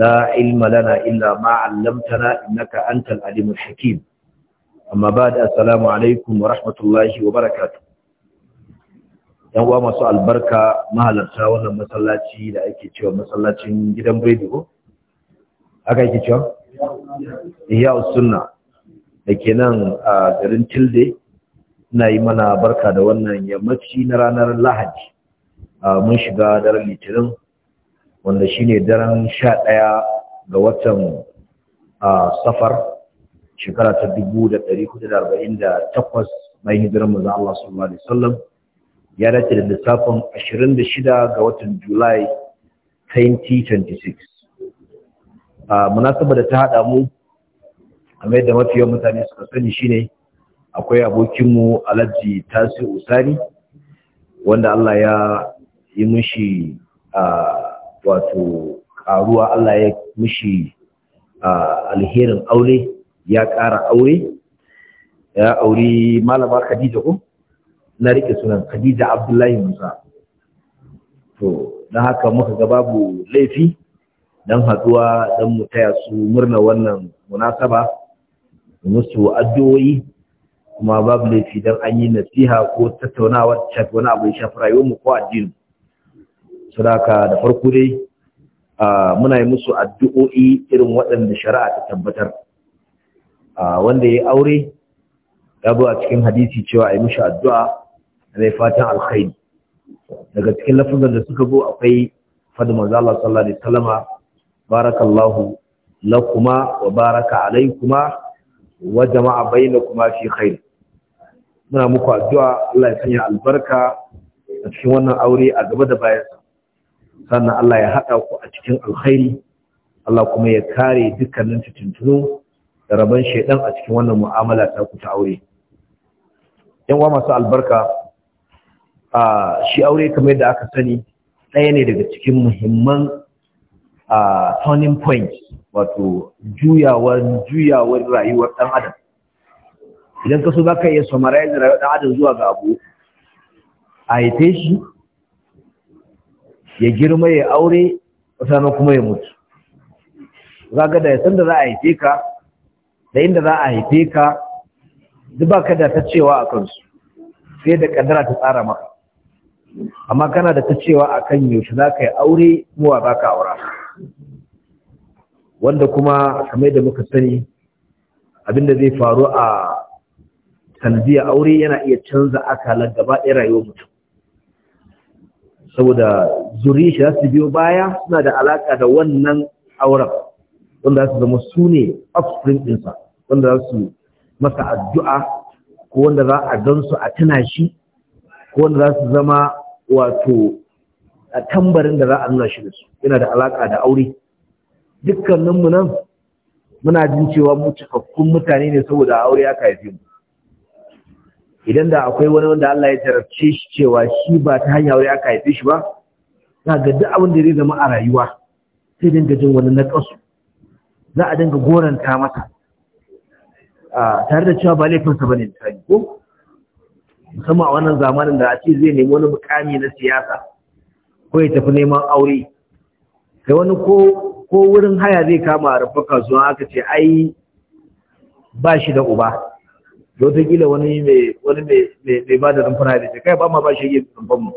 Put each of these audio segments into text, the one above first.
لا علم لنا إلا ما علمتنا إنك أنت العليم الحكيم أما بعد السلام عليكم ورحمة الله وبركاته yan uwa masu albarka mahalarta wannan masallaci da ake cewa masallacin gidan Bredigo aka yake cewa Ihya Sunna da ke nan a garin Tilde na yi mana barka da wannan yammaci na ranar Lahadi mun shiga daren Litinin wanda shi ne daren sha ɗaya ga watan safar shekara ta dubu da ɗari da arba'in da takwas mai hijirar maza Allah sallallahu alaihi wasallam ya dace da lissafin ashirin da shida ga watan Julai 2026 a munasaba da ta haɗa mu a mai da mafi yawan mutane suka sani shi ne akwai abokinmu alhaji tasi usari wanda Allah ya yi mushi a wato ƙaruwa Allah ya mishi alherin aure ya ƙara aure ya auri malama Khadija ko na rike sunan Khadija Abdullahi Musa to dan haka muka ga babu laifi dan haduwa dan mu taya su murna wannan munasaba musu addu'o'i kuma babu laifi dan an yi nasiha ko tattaunawar chat wani abu ya shafi rayuwar mu ko addini suraka da farko dai muna yi musu addu'o'i irin waɗanda shari'a ta tabbatar wanda ya yi aure ya zo a cikin hadisi cewa a yi musu addu'a da fatan alkhairi daga cikin lafazan da suka zo akwai fadin manzo Allah sallallahu alaihi wasallama barakallahu kuma wa baraka alaikuma wa jama'a kuma fi khair muna muku addu'a Allah ya sanya albarka a cikin wannan aure a gaba da bayansa sannan Allah ya haɗa ku a cikin alkhairi Allah kuma ya kare dukkanin tuntuno da rabon shaidan a cikin wannan mu'amala ta ku ta aure yan wa masu albarka a shi aure kamar yadda aka sani ɗaya ne daga cikin muhimman a turning point wato juyawar juyawar rayuwar ɗan adam idan ka so za ka iya summarize rayuwar ɗan adam zuwa ga abu a haife shi ya girma ya aure sannan kuma ya mutu ga da yasan da za a haife ka da inda za a haife ka duk ba ka da ta cewa a kansu sai da kaddara ta tsara maka amma kana da ta cewa a kan yaushe za ka yi aure muwa za ka aura wanda kuma kamar da muka sani abinda zai faru a sanadiyar aure yana iya canza akalar gaba ɗaya rayuwar mutum saboda zuri shi su biyo baya suna da alaka da wannan auren wanda za su zama su ne offspring ɗinsa wanda za su masa addu'a ko wanda za a don su a tana shi ko wanda za su zama wato a tambarin da za a nuna shi da su yana da alaka da aure dukkaninmu nan muna jin cewa mu cikakkun mutane ne saboda aure aka haife mu idan da akwai wani wanda Allah ya jarabce shi cewa shi ba ta hanya wai aka haife shi ba za ga duk abin da zai zama a rayuwa sai dinga jin wani naƙasu za a dinga goranta masa tare da cewa ba laifinsa ba ne ko musamman a wannan zamanin da a ce zai nemi wani mukami na siyasa ko ya tafi neman aure kai wani ko wurin haya zai kama a rufe kasuwa aka ce ai ba shi da uba da wataƙila wani mai wani mai ba da rumfana da kai ba ma ba shi yin rumfanmu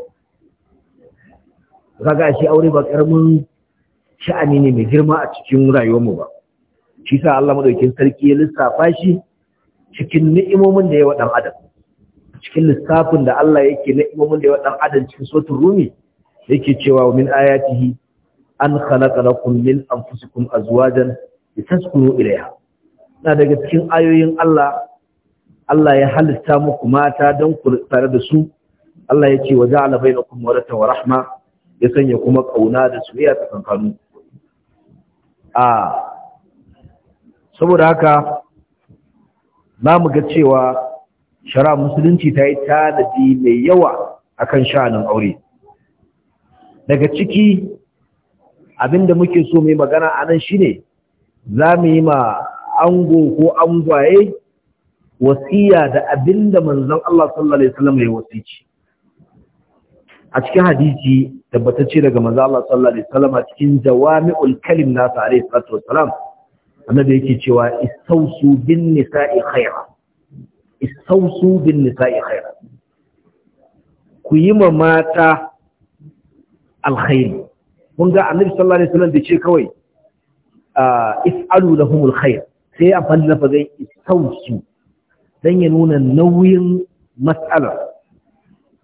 kaga shi aure ba karamin sha'ani ne mai girma a cikin rayuwarmu ba shi sa Allah madaukin sarki ya lissafa shi cikin ni'imomin da ya wadan adam cikin lissafin da Allah yake ni'imomin da ya wadan adam cikin sotul rumi yake cewa min ayatihi an khalaqa lakum min anfusikum azwajan litaskunu ilayha da daga cikin ayoyin Allah Allah ya halitta muku mata don ku tare da su Allah ya ce wa ja'ala bainakum mawadatan wa rahma ya sanya kuma kauna da su ya tsakankanu a saboda haka za mu ga cewa shara musulunci ta yi tanadi mai yawa akan sha'anin aure daga ciki abinda muke so mai magana a nan shine za mu yi ma ango ko angwaye wasiya da abinda manzon Allah sallallahu alaihi wasallam ya wasici a cikin hadisi tabbatacce daga manzon Allah sallallahu alaihi wasallam cikin jawami'ul kalim nasa alaihi salatu wasalam annabi yake cewa istausu bin nisa'i khaira istausu bin nisa'i khaira ku yi ma mata alkhairi mun ga annabi sallallahu alaihi wasallam da ce kawai ah, is'alu lahumul khair sai amfani da zai istausu don ya nuna nauyin matsalar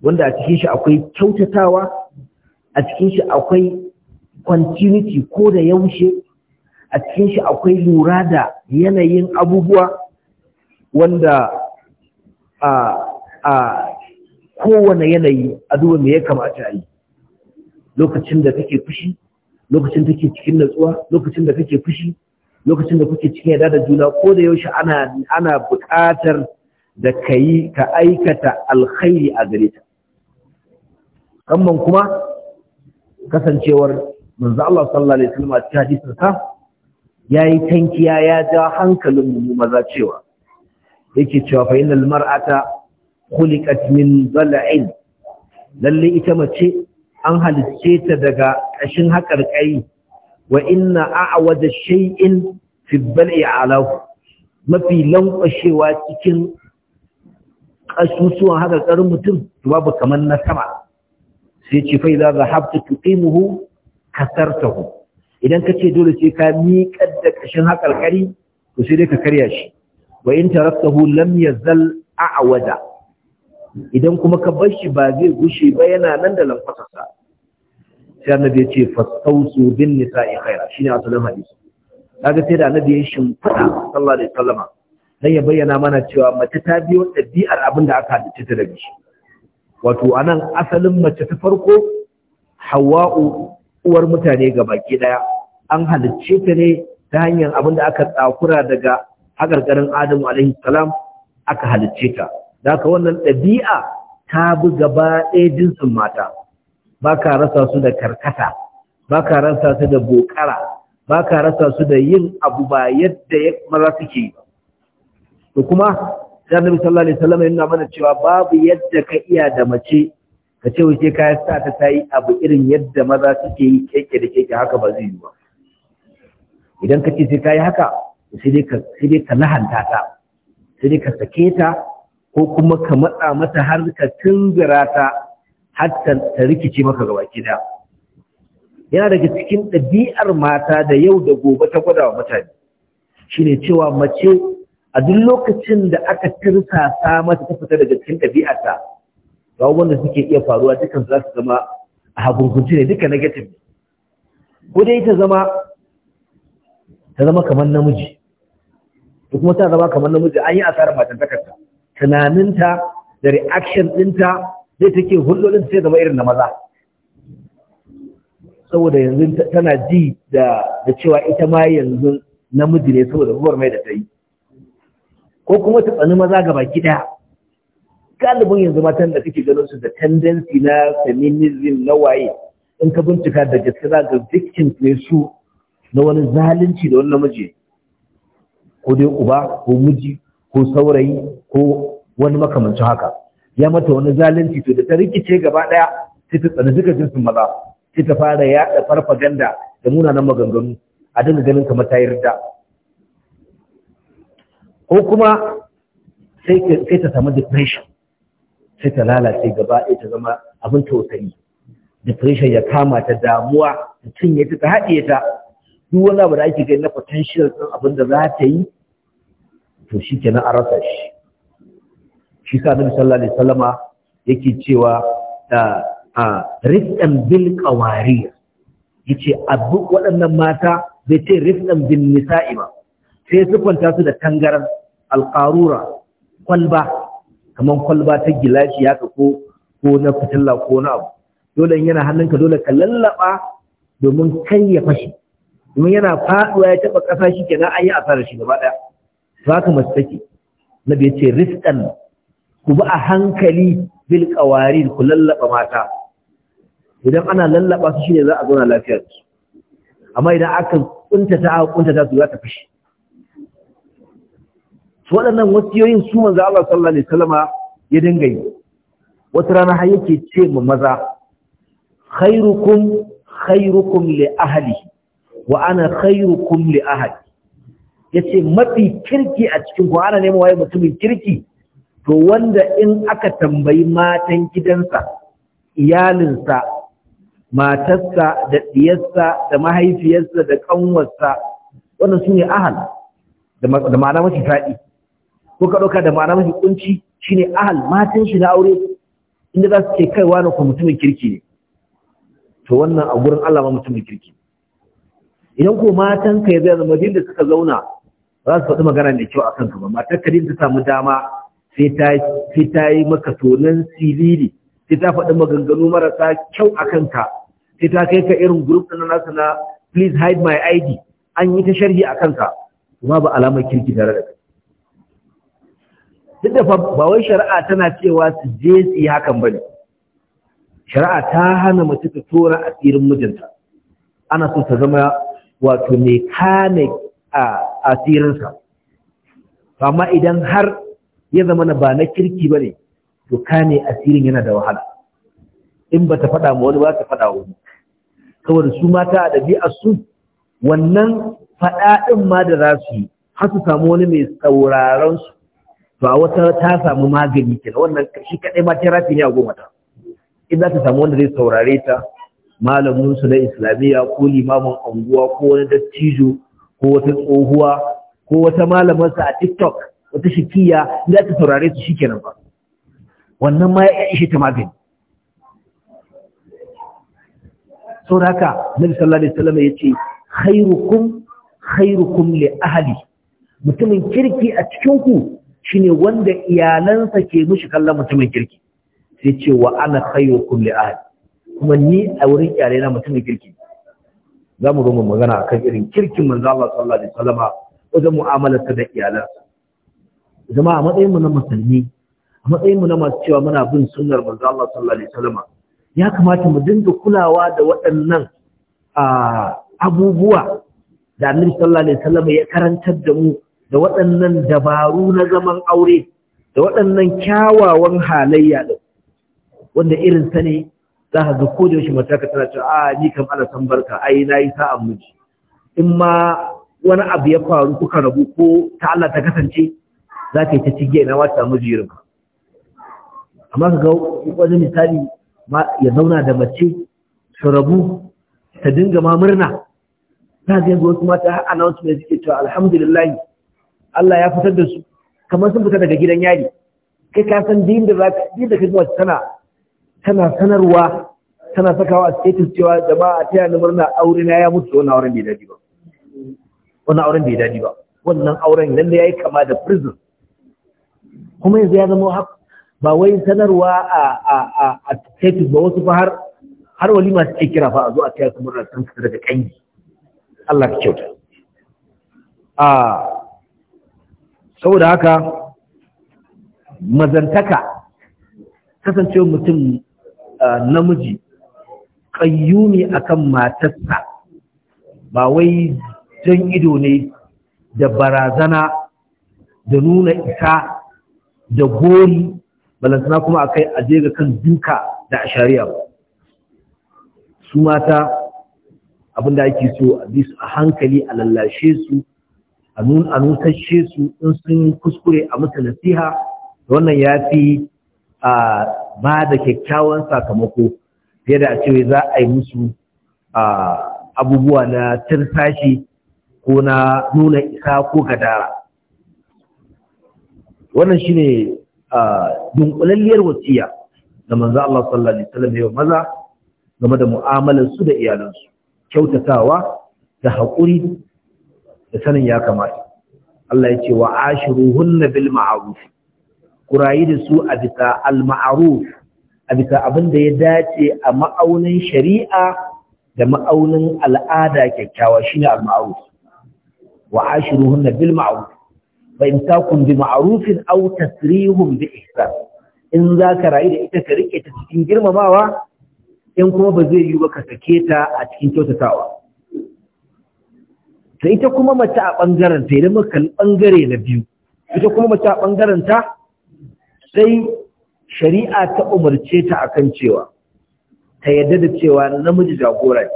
wanda a cikin shi akwai kyautatawa a cikin shi akwai continuity ko da yaushe a cikin shi akwai lura da yanayin abubuwa wanda a kowane yanayi a duba me ya kamata yi lokacin da take fushi lokacin da take cikin natsuwa lokacin da kake fushi lokacin da kuke cikin yada da juna ko da yaushe ana ana buƙatar da kai ka aikata alkhairi a gare ta kamman kuma kasancewar manzo Allah sallallahu alaihi wasallam a cikin hadisin sa yayi tankiya ya ja hankalin mu maza cewa yake cewa fa innal mar'ata khuliqat min bal'in lalle ita mace an halicce ta daga ƙashin haƙarƙai wa inna a'wada shay'in fi alahu mafi lankwashewa cikin ƙasusuwan haka ƙarin mutum babu kamar na sama sai ce fa idza zahabta tuqimuhu kasartahu idan ka ce dole sai ka miƙar da ƙashin haƙarƙari to sai dai ka karya shi wa in taraktahu lam yazal a'wada idan kuma ka bar shi ba zai gushe ba yana nan da sa. sai annabi ya ce fastausu bin nisa'i khaira shine asalin hadisi kaga sai da annabi ya shimfida sallallahu alaihi sallama, dan ya bayyana mana cewa mace ta biyo ɗabi'ar abin da aka hadace ta daga shi wato anan asalin mace ta farko hawa'u uwar mutane ga baki ɗaya, an halicce ta ne ta hanyar abin da aka tsakura daga hagargarin adamu alaihi salam aka halicce ta da haka wannan ɗabi'a ta bi gaba ɗaya jinsin mata ba ka rasa su da karkata ba ka rasa su da bokara ba ka rasa su da yin abu ba yadda ya maza suke ba to kuma sai nabi sallallahu alaihi wasallam yana mana cewa babu yadda ka iya da mace ka ce wuce ka sa ta tayi abu irin yadda maza suke yi keke da keke haka ba zai yi ba idan ka ce sai ka yi haka sai dai ka sai dai ka lahanta ta sai dai ka sake ta ko kuma ka matsa mata har ka tunzura ta hatta ta rikice maka gaba gida yana daga cikin ɗabi'ar mata da yau da gobe ta gwada wa mutane shine cewa mace a duk lokacin da aka tirsasa mata ta fita daga cikin ɗabi'arta ga wanda suke iya faruwa dukan za su zama a hagungunci ne duka negative ko dai ta zama ta zama kamar namiji ko kuma ta zama kamar namiji an yi asarar matan takarta tunaninta da reaction ɗinta sai take hulɗolin sai zama irin na maza saboda yanzu tana ji da cewa ita ma yanzu namiji ne saboda gubar mai da ta yi ko kuma ta tsani maza ga baki ɗaya galibin yanzu matan da kake ganin su da tendensi na feminism na waye in ka bincika da gaske za ga victims ne su na wani zalunci da wani namiji ko dai uba ko miji ko saurayi ko wani makamancin haka ya mata wani zalunci to da ta rikice gaba ɗaya, sai ta tsani duka jinsin maza sai ta fara yaɗa farfaganda da munanan maganganu a dinga ganin kamar ta yarda ko kuma sai ta samu depression sai ta lalace gaba ɗaya ta zama abin tausayi depression ya kama ta damuwa ta cinye ta ta haɗe ta duk wani abu da ake gani na potential ɗin abin da za ta yi to shi kenan a rasa shi shi sa annabi sallallahu alaihi wasallama yake cewa a ah, ah, rifdan bil qawari yace abu waɗannan mata bai ce rifdan bin nisa'i ba sai su kwanta su da tangaran alqarura kwalba kaman kwalba ta gilashi haka ko ko na fitilla ko na abu dole yana hannunka dole ka lallaba domin kai ya fashe domin yana faduwa ya taba kasa shi kenan an yi asarar shi gaba daya to haka nabi yace rifdan ku bi a hankali bil qawarir ku lallaba mata idan ana lallaba su shine za a zauna lafiya su amma idan aka kuntata aka kuntata su za ta fashi su waɗannan wasiyoyin su manzo Allah sallallahu alaihi wasallama ya dinga yi wata rana har yake ce mu maza khairukum khairukum li ahli wa ana khairukum li ahli yace mafi kirki a cikin ku ana neman waye mutumin kirki to wanda in aka tambayi matan gidansa iyalinsa matarsa da ɗiyarsa da mahaifiyarsa da ƙanwarsa wannan su ne ahal da ma'ana mafi faɗi ko ka ɗauka da ma'ana mafi ƙunci shi ne ahal matan shi na aure inda za su ke kaiwa na kuma mutumin kirki ne to wannan a gurin Allah ma mutumin kirki idan ko matan ka ya zama da suka zauna za su faɗi magana mai kyau a kanka ba matar ka ta samu dama sai ta yi maka tonan siriri sai ta faɗi maganganu marasa kyau a kanka sai ta kai ka irin group na nasu na please hide my id an yi ta sharhi a kanka kuma ba alamar kirki tare da kai duk da ba wai shari'a tana cewa su je su yi hakan ne. shari'a ta hana mace ta tora asirin mijinta ana so ta zama wato mekanik a asirinsa amma idan har ya zama na ba na kirki ba ne to kane asirin yana da wahala in ba ta faɗa ma wani ba ta faɗa wani kawai su mata a a su wannan faɗa ɗin ma da za su yi har su samu wani mai sauraron su to a wata ta samu magani kenan wannan shi kaɗai ma rafi ne a goma ta in za ta samu wanda zai saurare ta malamin su na islamiyya ko limamin unguwa ko wani dattijo ko wata tsohuwa ko wata malamarsa a tiktok wata shikiya za ta saurare su shi kenan ba wannan ma ya ishe ta magani sau da haka nabi sallallahu alaihi wasallam ya khairukum khairukum li ahli mutumin kirki a cikin ku shine wanda iyalansa ke mushi kallon mutumin kirki sai ce wa ana khairukum li ahli kuma ni a wurin na mutumin kirki za mu zo mu magana akan irin kirkin manzo Allah sallallahu alaihi wasallam wajen mu'amalarsa da iyalansa jama'a matsayinmu na musulmi a matsayinmu na masu cewa muna bin sunnar manzo Allah sallallahu alaihi wasallam ya kamata mu dinga kulawa da waɗannan abubuwa da Annabi sallallahu alaihi wasallam ya karantar da mu da waɗannan dabaru na zaman aure da waɗannan kyawawan halayya da wanda irin sa ne za ka ga ko da yaushe mata ka tana cewa a ah, ni kam ala san barka ai nayi sa'an miji in ma wani abu ya faru kuka rabu ko ta Allah ta kasance za ka yi ta cige na wata mujirin amma ka ga wani misali ya zauna da mace su rabu ta dinga ma murna ta zai ga wasu mata har mai suke cewa alhamdulillah Allah ya fitar da su kamar sun fita daga gidan yari kai ka san din da zaka din da kaji wata tana tana sanarwa tana sakawa a status cewa jama'a ta yana murna aure na ya mutu wannan auren bai dadi ba wannan auren bai dadi ba wannan auren lalle yayi kama da prison kuma yanzu ya zama ba wai sanarwa a a ba wasu fa har har masu ta kira fa a zo a kai kuma na san daga kangi Allah ka kyauta a saboda haka mazantaka kasancewa mutum namiji kayyumi akan matarsa ba wai jan ido ne da barazana da nuna isa da gori balantana kuma a kai aje ga kan duka da ashariya ba su mata abinda ake so a bi su a hankali a lallashe su a nutashe su in sun yi kuskure a musu nasiha wannan ya fi a ba da kyakkyawan sakamako fiye da a ce za a yi musu abubuwa na tirsashi ko na nuna isa ko gadara wannan shine dunkulalliyar wasiya da manzo Allah sallallahu alaihi wasallam ya maza game da mu'amalar su da iyalansu kyautatawa da haƙuri da sanin ya kamata Allah ya ce wa ashiruhunna bil ma'ruf kurayi da su a bisa al ma'ruf a bisa abin da ya dace a ma'aunin shari'a da ma'aunin al'ada kyakkyawa shine al ma'ruf wa ashiruhunna bil ma'ruf fa imsakun bi ma'rufin aw tasrihun bi ihsan in za ka rayu da ita ka rike ta cikin girmamawa in kuma ba zai yi ba ka sake ta a cikin kyautatawa ta ita kuma mace a ɓangaren ta idan muka ɓangare na biyu ita kuma mace a ɓangaren ta sai shari'a ta umarce ta akan cewa ta yarda da cewa namiji jagora ne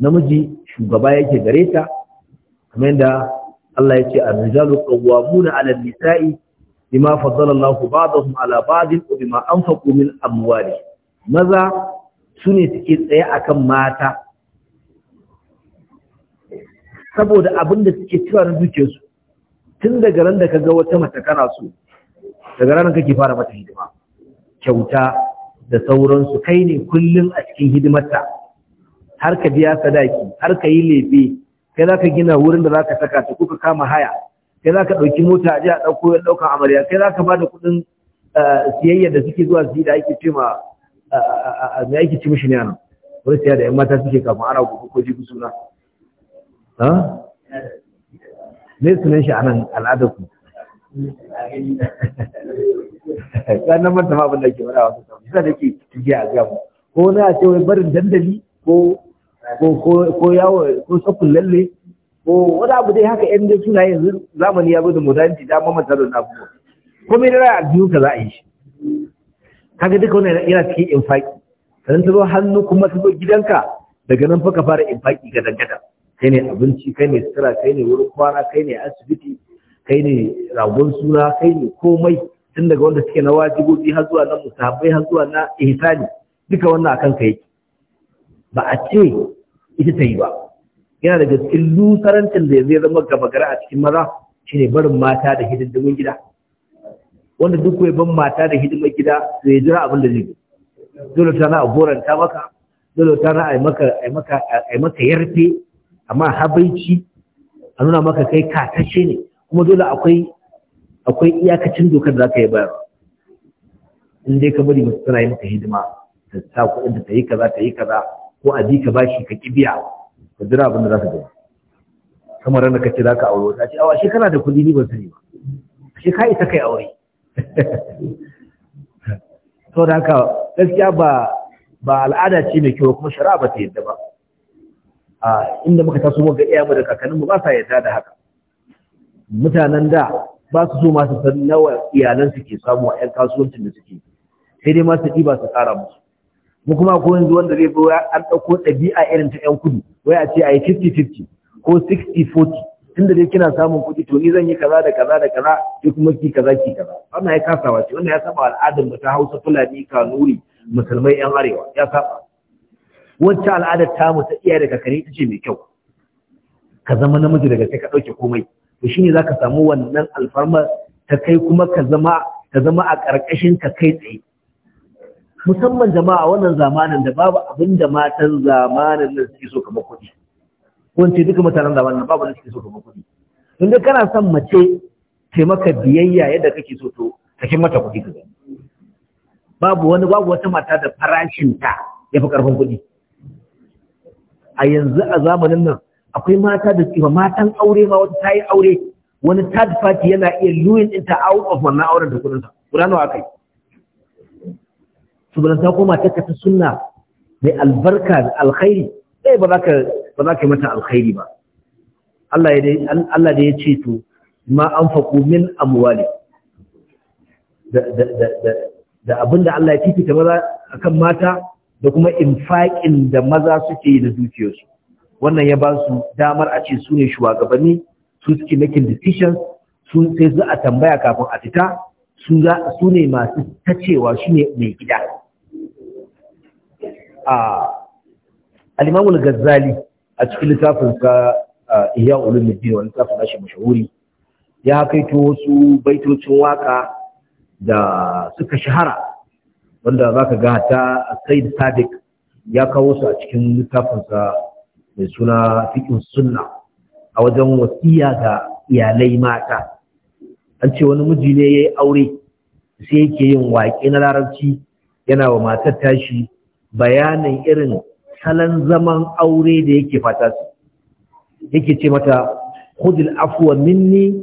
namiji shugaba yake gare ta kamar yadda Allah ya ce a rijalu qawwamuna 'ala an-nisa'i bima faddala Allahu ba'dahum 'ala ba'din wa bima anfaqu min amwali maza sune suke tsaye akan mata saboda abinda suke cewa na tun daga ran da kaga wata mata kana so daga ranar kake fara mata hidima kyauta da sauransu kai ne kullum a cikin hidimarta har ka biya sadaki har ka yi lebe kai za ka gina wurin da za ka saka ta kuka kama haya kai za ka ɗauki mota a jiya ɗauko ya ɗaukan amarya kai za ka ba da kuɗin eh, siyayya da suke zuwa su yi da ake ce ma me ake ci mishi ne anan wani siya da 'yan mata suke kafa ana gobe ko jibi suna ne sunan shi anan al'adar ku ranar manta ma abin da ke mara wasu samu Sai da ke tafiya a gamu ko na ce wai barin dandali ko ko yawo ko sakun lalle ko wani abu dai haka yan suna yanzu zamani ya bude da modernity da mamman tsaron kuma ko mai biyu ka za a yi shi kaga duka wannan yana cikin infaki sannan ta hannu kuma ta zo gidanka daga nan ka fara infaki ga dangada kai ne abinci kai ne sutura kai ne wurin kwana kai ne asibiti kai ne ragon suna kai ne komai tun daga wanda suke na wajibobi har zuwa na musabbai har zuwa na ihsani duka wannan akan ka ba a ce ita ta yi ba yana daga cikin lusarancin da zai zama gaba gara a cikin maza shine barin mata da hidindimin gida wanda duk kuwa ban mata da hidimar gida su ya jira abin da zai dole ta na a goranta maka dole ta na a yi maka yarfe amma habaici a nuna maka kai katashe ne kuma dole akwai iyakacin dokar da za ka yi bayar in dai ka bari masu tana yi maka hidima ta sa kuɗin ta yi kaza ta yi kaza ko a ji ka bashi ka kibiya ka jira abin da za ka gani kamar ranar ka ce za ka aure wata ce awa shi kana da kuɗi ni ban sani ba shi ka isa kai aure to da haka gaskiya ba ba al'ada ce mai kyau kuma shari'a ba ta yadda ba a inda muka taso mu ga mu da mu ba sa yadda da haka mutanen da ba su so masu san nawa iyalansu ke samu a 'yan kasuwancin da suke sai dai masu ɗiba su ƙara musu mu kuma ko yanzu wanda zai zo an ɗauko ɗabi'a irin ta 'yan kudu wai a ce a yi 50-50 ko 60-40 tunda dai kina samun kuɗi to ni zan yi kaza da kaza da kaza ki kuma ki kaza ki kaza wannan ya kasawa ce wannan ya saba al'adar mu ta Hausa Fulani Kanuri musulmai 'yan arewa ya saba wacce al'adar mu ta iyaye da kare ita ce mai kyau ka zama namiji daga sai ka ɗauke komai to shine zaka samu wannan alfarma ta kai kuma ka zama ka zama a ƙarƙashin ka kai tsaye musamman jama'a wannan zamanin da babu abin da matan zamanin nan suke so kamar kuɗi wance duka mutanen zamanin nan babu da suke so kamar kuɗi in dai kana son mace taimaka biyayya yadda kake so to kin mata kuɗi ka babu wani babu wata mata da farashin ta yafi karfin kuɗi a yanzu a zamanin nan akwai mata da suke matan aure ma wata ta yi aure wani third party yana iya luwin ɗinta out of wannan auren da kuɗinsa nawa kai su ta koma ta ta sunna mai albarka da alkhairi sai eh, ba za ka yi mata alkhairi ba Allah da ya ce to ma an faƙo min amwali da da da abinda Allah ya fifita maza kan mata da kuma faƙin da maza suke yi da dukiyarsu wannan ya ba su damar a ce su ne shugabanni su suke making decisions sun sai za a tambaya kafin a fita su ne masu tacewa shi ne mai gida a al ghazali a cikin littafin sa ihya ulumuddin wani littafin nashi mashahuri ya kaito wasu baitocin waka da suka shahara wanda zaka ga ta Said Sadiq ya kawo su a cikin littafin sa mai suna fiqh sunna a wajen wasiya ga iyalai mata an ce wani miji ne yayi aure sai yake yin waƙe na larabci yana wa matar tashi bayanin irin salon zaman aure da yake fata su yake ce mata khudil afwa minni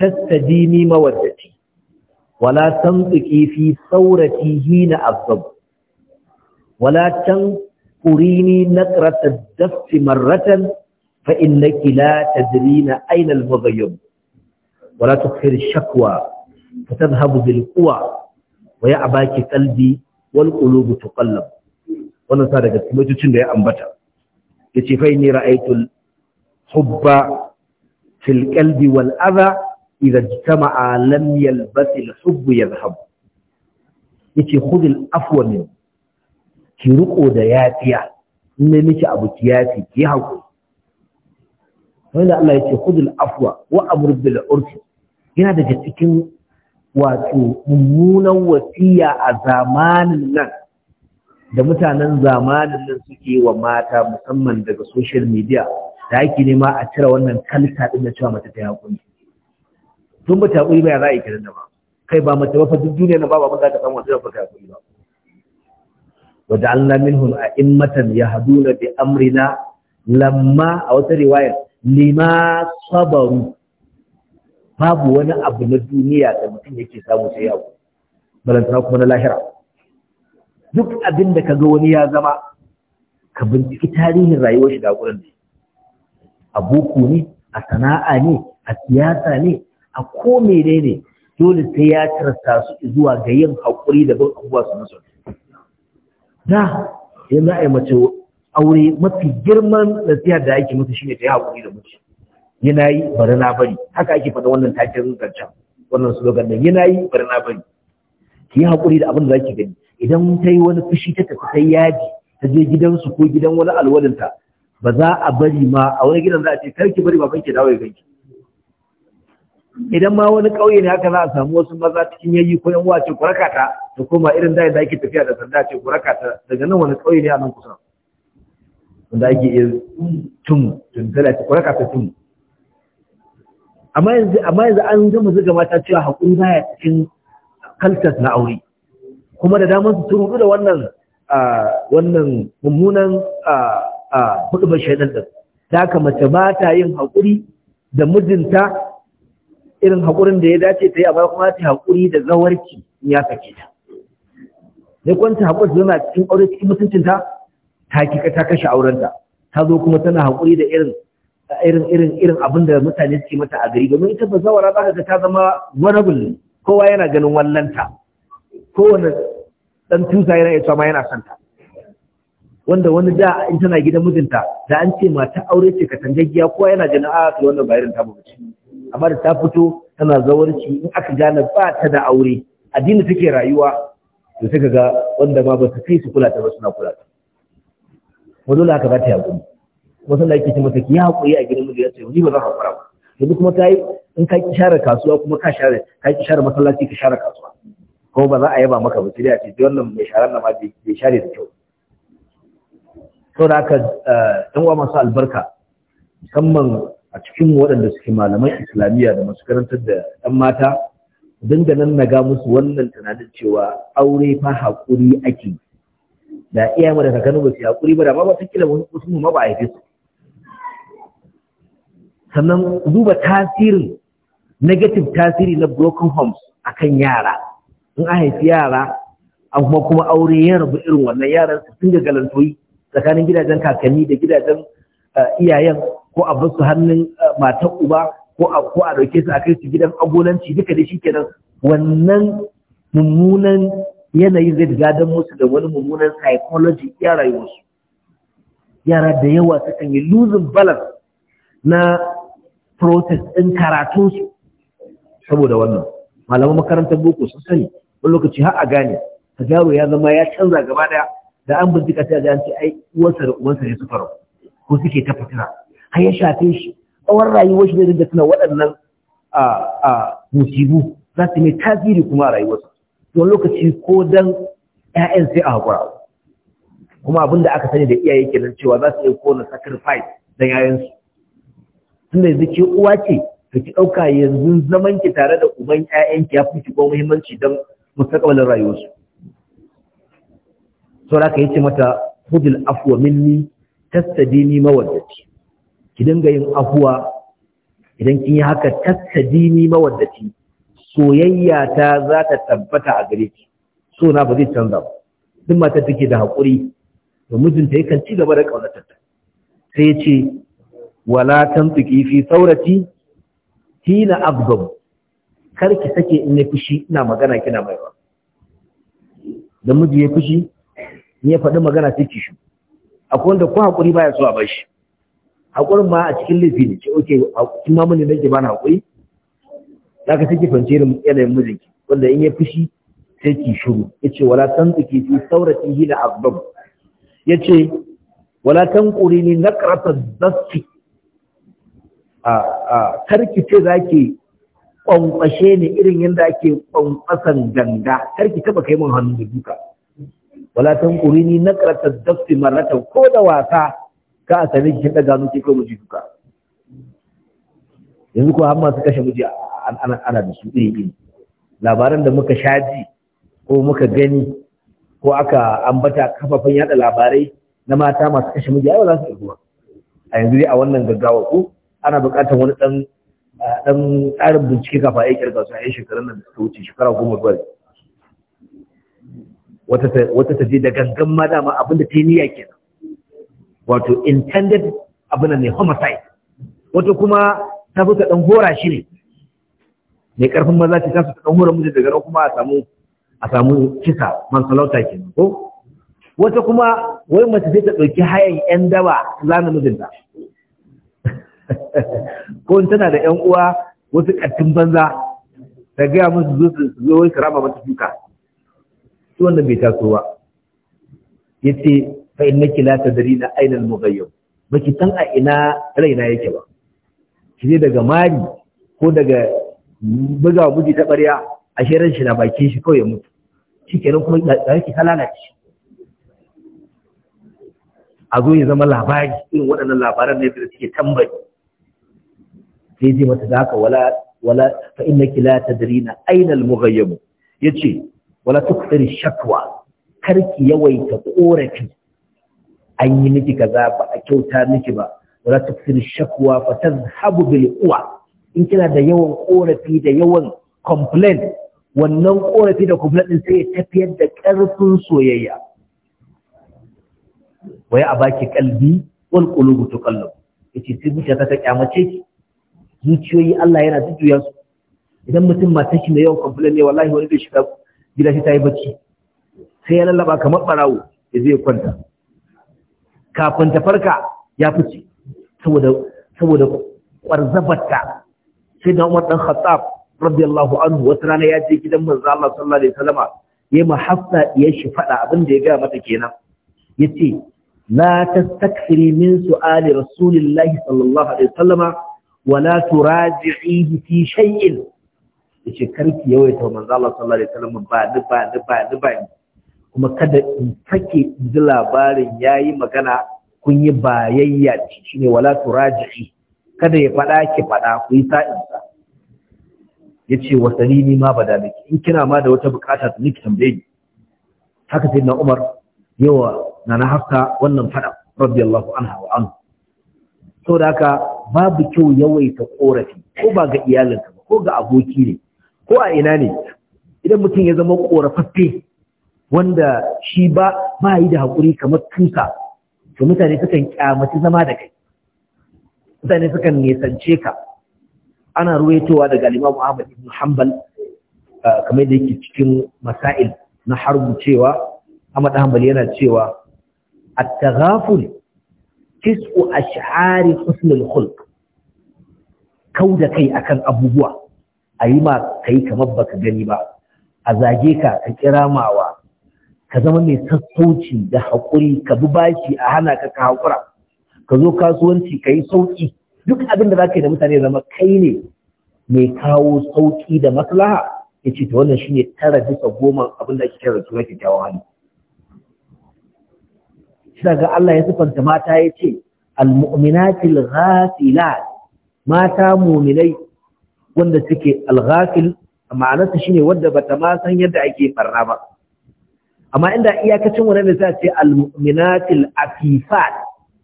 tattadini mawaddaci, wala tanqi fi saurati hina azab wala tanqurini naqrata dafti marratan fa innaki la tadrina aina al-mughayyib wala tukhir shakwa fatadhhabu bil quwa wa ya'baki qalbi wal qulubu tuqallab wannan sa daga cikin da ya ambata yace fa inni ra'aytul hubba fil qalbi wal adha idha ijtama'a lam yalbas al hubb yadhhab yace khudh al afwa min ki riko da yafiya in ne miki abu ki yafi ki hakuri wanda Allah yace khudh al afwa wa amr bil urf yana daga cikin wato mummunan wasiya a zamanin nan da mutanen zamanin nan suke wa mata musamman daga social media da ake nema a cire wannan kalta din da cewa mace ta yaƙuri tun ba ta yaƙuri ba ya za a yi kiran da ba kai ba mace ba fa duk duniya na ba ba za ka san wanda ba ta ba wa ja'alna minhum a'immatan yahduna bi amrina lamma a wata riwaya lima sabaru babu wani abu na duniya da mutum yake samu sai yawo balantana kuma na lahira duk abin da ka ga wani ya zama ka binciki tarihin rayuwar shi da gurin ne a boko ne a sana'a ne a siyasa ne a ko ne dole sai ya tarasta su zuwa ga yin haƙuri da bin abubuwa su nasu da yanzu a yi mace aure mafi girman nasiha da ake mutu shine ta yi haƙuri da mutu yana yi bari na bari haka ake faɗa wannan takin zancen wannan slogan din yana yi bari na bari ki yi haƙuri da abin da zaki gani idan ta yi wani fushi ta tafi ta yaji ta je gidansu ko gidan wani alwalinta ba za a bari ma a wani gidan za a ce karki bari baban ki dawo ya ganki idan ma wani ƙauye ne haka za a samu wasu maza cikin yayi ko yan wace ku raka ta ta koma irin da ake tafiya da sanda ce ku raka ta daga nan wani ƙauye ne a nan kusa wanda ake iya tun tun ta ku raka ta tun amma yanzu an zama zuga mata cewa haƙuri baya cikin kaltas na aure kuma da damar su rudu da wannan wannan mummunan hudubar shaidan din ta ka mace ba ta yin haƙuri da mijinta irin haƙurin da ya dace ta yi a kuma ta haƙuri da zawarci ya sake ta ne kwanta haƙuri zama cikin aure cikin mutuncinta ta kika ta kashe aurenta ta zo kuma tana haƙuri da irin irin irin irin abin da mutane suke mata a gari domin ita ba zawara ba ta zama wani kowa yana ganin wallanta kowane dan tusa yana iya ma yana son ta wanda wani da in tana gidan mijinta da an ce mata aure ce ka giya kowa yana jin a ah, to wannan ba ta ba ce amma da ta fito tana zawarci in aka gane ba ta da aure addini take rayuwa to sai ga wanda ma ba su kai su kula ta ba suna kula ta mu dole haka za ta yaƙuri kuma sannan ake ce mata ki haƙuri a gidan mijinta ya ce ni ba za ka fara ba yanzu kuma ta yi in ka ki share kasuwa kuma ka share ka ki share masallaci ka share kasuwa ko ba za a yaba maka ba sai a ce wannan mai sharar na ma bai share da kyau Sau da aka ɗan eh, uwa masu albarka musamman a cikin waɗanda suke malaman islamiyya da masu karantar da ɗan mata dandanan na ga musu wannan tunanin cewa aure fa haƙuri ake da iya mu da kakanu ba su haƙuri ba da ma ba su kila wasu mu ma ba a haife su sannan duba tasirin negative tasiri na broken homes akan yara in a haifi yara an kuma kuma aure ya rabu irin wannan yaran su sun ga galantoyi tsakanin gidajen kakanni da gidajen eh, iyayen ko a basu hannun eh, matan uba ko a ko a dauke su a kai su gidan agolanci duka da shikenan wannan mummunan yanayin zai dan musu da wani mummunan psychology ya rayuwarsu yara da yawa sukan yi losing balance na protest ɗin su. saboda wannan malaman makarantar boko sun sani wani lokaci har a gane ka jaro ya zama ya canza gaba daya da an bincika sai an ce ai uwansa da uwansa ne su faru ko suke ta fitina har ya shafe shi tsawon rayuwar shi ne da tana waɗannan a musibu za su mai tasiri kuma a rayuwarsa don lokaci ko dan 'ya'yan sai a hakura kuma abin da aka sani da iyaye kenan cewa za su yi kona sacrifice da yayansu tunda yanzu ke uwa ce da ki ɗauka yanzu zaman ki tare da uban ƴaƴanki ya fi ko muhimmanci don mustaqbalin rayuwarsu saboda ka ce mata hudul afuwa minni tastadini mawaddaci ki dinga yin afuwa idan kin yi haka tastadini mawaddati soyayya ta za ta tabbata a gare ki so na ba zai canza ba duk mata take da haƙuri to mijinta yakan ci gaba da ƙaunatarta ta sai ya ce wala tantiki fi saurati tina abgabu kar ki sake in ya fushi ina magana kina mai ba da miji ya fushi in ya faɗi magana sai ki shi akwai wanda ko hakuri baya so a bashi hakurin ma a cikin laifi ne ce oke kin ma mun nake bana hakuri zaka ka sake fance irin yanayin mijinki wanda in ya fushi sai ki Ya yace wala tanzuki fi saurati hila azbab yace wala tanqurini na dhaffi a a karki ce zaki ƙwanƙwashe ne irin yadda ake ƙwanƙwasan ganga kar ki taɓa kai mun hannu da duka wala tan qurini nakrata dafti ta, ko da wasa ka a sani kin daga nuke kai mu duka yanzu ko har masu kashe miji ana ana da su ɗaya ɗaya labaran da muka shaji ko muka gani ko aka ambata kafafen yada labarai na mata masu kashe miji ai ba su ba a yanzu dai a wannan gaggawa ko ana buƙatar wani ɗan dan tsarin bincike kafa ya kirga su a yan shekarun nan da wuce shekara goma zuwa wata ta je da gangan ma dama abinda ta yi niyya kenan wato intended abin ne homicide wato kuma ta fi ta dan hora shi ne mai ƙarfin maza ce ta fi ta dan hora mutu daga kuma a samu a samu kisa mansalauta kenan ko wata kuma wai mace sai ta ɗauki hayan 'yan daba zana mijinta ko tana da ƴan uwa wasu ƙattun banza ta gaya musu zo su zo wai karama mata shuka su wannan bai taso ba Ya ce, fa innaki la na aina al-mughayyab baki san a ina raina yake ba shi ne daga mari ko daga buga guji ta barya a shirin shi na bakin shi kawai ya mutu shi kenan kuma da yake shi a zo ya zama labari irin waɗannan labaran ne da suke tambari sai ce mata da haka wala wala fa innaki la tadrina aina al-mughayyib yace wala tukthiri shakwa ki yawaita korafi an yi miki kaza ba a kyauta miki ba wala tukthiri shakwa fa tazhabu bil uwa in kina da yawan korafi da yawan complaint wannan korafi da complaint din sai ya tafiyar da karfin soyayya waya a baki kalbi wal qulubu tuqallab yace sai zuciya ta kyamace ki zuciyoyi Allah yana jujjuya su idan mutum matan shi mai yawan complain ne wallahi wani bai shiga gida shi ta yi bacci sai ya lallaba kamar barawo ya zai kwanta kafin ta farka ya fice saboda saboda kwarzabarta sai da Umar dan Khattab radiyallahu anhu wata rana ya je gidan manzo Allah sallallahu alaihi wasallama yayi mahassa ya shi fada abin da ya ga mata kenan yace la tastakthiri min su'ali rasulillahi sallallahu alaihi wasallama wala turaji'i fi shay'in yace karki yawaita manzo Allah sallallahu alaihi wasallam ba ni ba ni ba ni ba kuma kada in sake ji labarin yayi magana kun yi bayayya shine wala turaji'i kada ya fada ki fada ku yi sa'in sa yace wasani ni ma bada miki in kina ma da wata bukata ta miki tambaye ni haka sai na Umar yawa na na hafta wannan fada radiyallahu anha wa anhu saboda haka babu kyau yawaita korafi ko ba ga iyalinka ba ko ga aboki ne ko a ina ne idan mutum ya zama korafaffe wanda shi ba ba yi da haƙuri kamar tusa to mutane sukan kyamaci zama da kai mutane sukan nisance ka ana ruwaitowa daga Limam Ahmad ibn Hanbal kamar da yake cikin masail na harbu cewa Ahmad Hanbal yana cewa at taghafuli a shahari husnul hulk kau da kai akan abubuwa yi ma kai kamar ba ka gani ba a zage ka ka ƙiramawa, ka zama mai sassauci da haƙuri ka bi bashi a hana ka ka haƙura ka zo kasuwanci ka yi sauƙi duk abin da za ka yi da mutane zama kai ne mai kawo sauƙi da maslaha ya ce ta wannan shine tara duka goma abin da ake kira da tura kyakkyawan hali shi ga Allah ya sifanta mata ya ce Al-muminatil ghafilat mata mu'minai wanda suke alghafil ma'anarsa shine wanda bata ma san yadda ake farna ba amma inda iyakacin wannan ne sai Al-Muminatil afifat